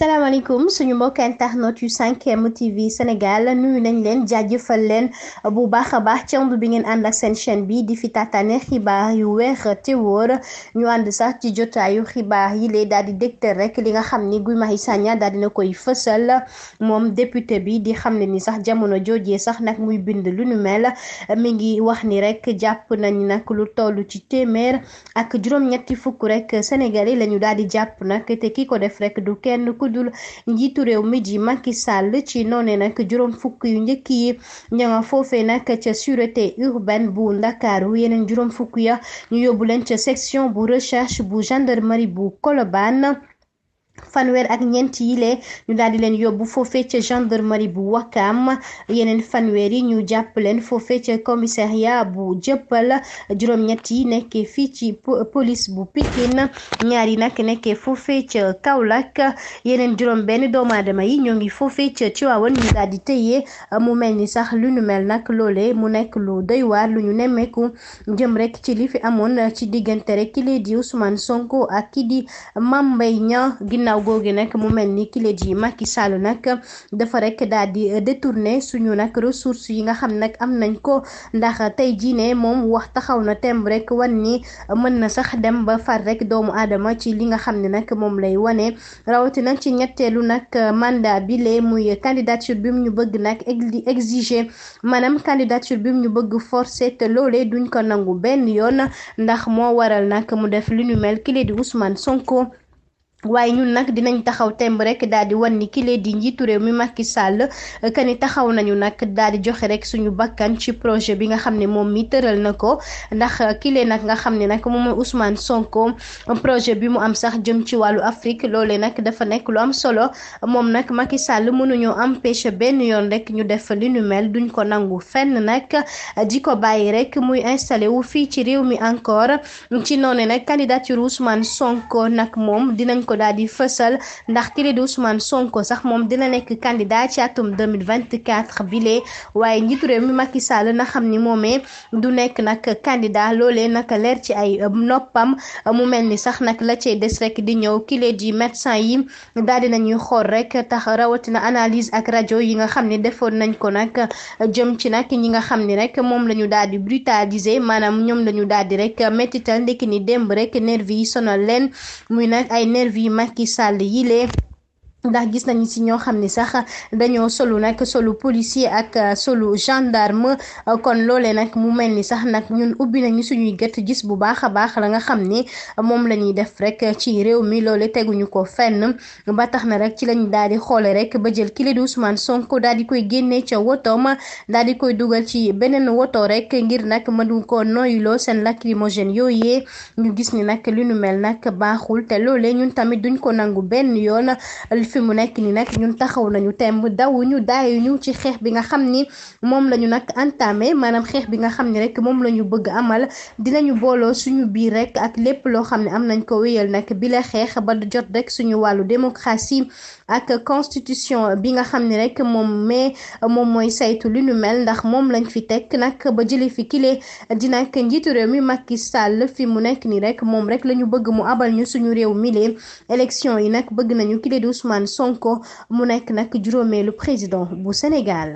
salaamaaleykum suñu mbokk internet yu 5M TV Sénégal nuyu nañ leen jaajëfal leen bu baax a baax ci ànd bi ngeen ànd ak seen chaîne bi di fi tataane xibaar yu weex te wóor ñu ànd sax ci jotaayu xibaar yi lay daal di dégtal rek li nga xam ni Guy Marius Sagna daal dina koy fësal moom député bi di xam ne ni sax jamono joojee sax nag muy bind lu nu mel mi ngi wax ni rek jàpp nañ nag lu toll ci téeméer ak juróom-ñetti fukk rek Sénégalais lañu ñu daal di jàpp nag te ko def rek du dul njiitu réew mi ji Macky Sall ci noone nag juróom fukk yu njëkk yi ña nga nag ca sûreté urbaine bu Ndakaaru yeneen juróom fukk ya ñu yóbbu leen ca section bu recherche bu gendarmerie bu Colobane fanweer ak ñeent yile ñu daal di leen yóbbu foofee ca gendarmerie bu Wakam yeneen fanweer yi ñu jàpp leen foofee ca commissariat bu jëppal juróom-ñett nekkee fii ci police bu Pikine ñaar yi nag nekkee foofee ca Kaolack yeneen juróom-benn doomu aadama yi ñoo ngi foofee ca Tivaouane ñu daal di tëye mu mel ni sax lu ñu mel nag loole mu nekk lu doy waar lu ñu nemmeeku jëm rek ci li fi amoon ci diggante rek ki lay di Ousmane Sonko ak ki di Mame Mbaye ginnaaw googu nag mu mel ni kile ji Macky Sall nag dafa di détourné suñu nag ressources yi nga xam nag am nañ ko ndax tey jii ne moom wax taxaw na temb rek wan ni mën na sax dem ba far rek doomu aadama ci li nga xam ne nag moom lay wane rawatina ci ñetteelu nag mandat bi lee muy candidature bi mu ñu bëgg nag exiger maanaam candidature bi mu ñu bëgg forcé te loolee duñ ko nangu benn yoon ndax moo waral nag mu def li ñu mel kile di Ousmane Sonko waaye ñun nag dinañ taxaw temb rek daal di ni kile di njiitu réew mi Macky sàll euh, que ni taxaw nañu nag daal di joxe rek suñu bakkan ci projet bi nga xam ne moom mi tëral na ko ndax euh, kile nag nga xam ne nag moom mooy Ousmane Sonko euh, projet bi mu am sax jëm ci wàllu Afrique loole nag dafa nekk lu am solo moom nag Macky sàll mënuñoo empêcher benn yoon rek ñu def li nu mel duñ ko nangu fenn nag di ko bàyyi rek muy installé wu fii ci réew mi encore ci noonu nag candidature Ousmane Sonko nag moom dinañ ko daal di fësal ndax kii di Ousmane Sonko sax moom dina nekk candidat ci atum 2024 bile waaye njiitu réew mi Macky Sall na xam ni moomee du nekk nag candidat loolee naka leer ci ay euh, noppam mu mel ni sax nag la cay des rek di ñëw kile di médecin yi daal di nañuy xool rek tax rawatina analise ak rajo yi nga xam ni defoon nañ ko nag jëm ci nag ñi nga xam ni rek moom la ñu daal di brutaliser maanaam ñoom la ñu daal di rek métital ndekki ni démb rek nervi yi sonal leen muy Macky yi yilee ndax gis nañu ci ñoo xam ni sax dañoo solu nag solu policier ak euh, solu gendarme euh, kon loolee nag mu mel ni sax nag ñun ubbi nañu suñuy gët gis bu baax a baax la nga xam ni moom la ñuy def rek ci réew mi loole teguñu ko fenn ba tax na rek ci lañu daal di xoole rek ba jël kile di Ousmane daal di koy génnee ca wotoom daal di koy dugal ci beneen woto rek ngir nag mënu ko noyuloo seen lacrymogène yooyee ñu gis ni nag li nu mel nag baaxul te loolee ñun tamit duñ ko nangu benn yoon fi mu nekk ni nag ñun taxaw nañu temb dawuñu daayuñu ci xeex bi nga xam ni moom la ñu nag entamé maanaam xeex bi nga xam ni rek moom la ñu bëgg amal dinañu booloo suñu biir rek ak lépp loo xam ne am nañ ko wéyal nag bi la xeex ba jot rek suñu wàllu démocratie ak constitution bi nga xam ni rek moom mais moom mooy saytu lu ñu mel ndax moom lañ fi teg nag ba jële fi kile di nag njiitu réew mi Macky Sall fi mu nekk ni rek moom rek la ñu bëgg mu abal ñu suñu réew mi élection yi nag bëgg nañu kile di Ousmane Ousmane Sonko mu nekk nag juróomeelu président bu Sénégal.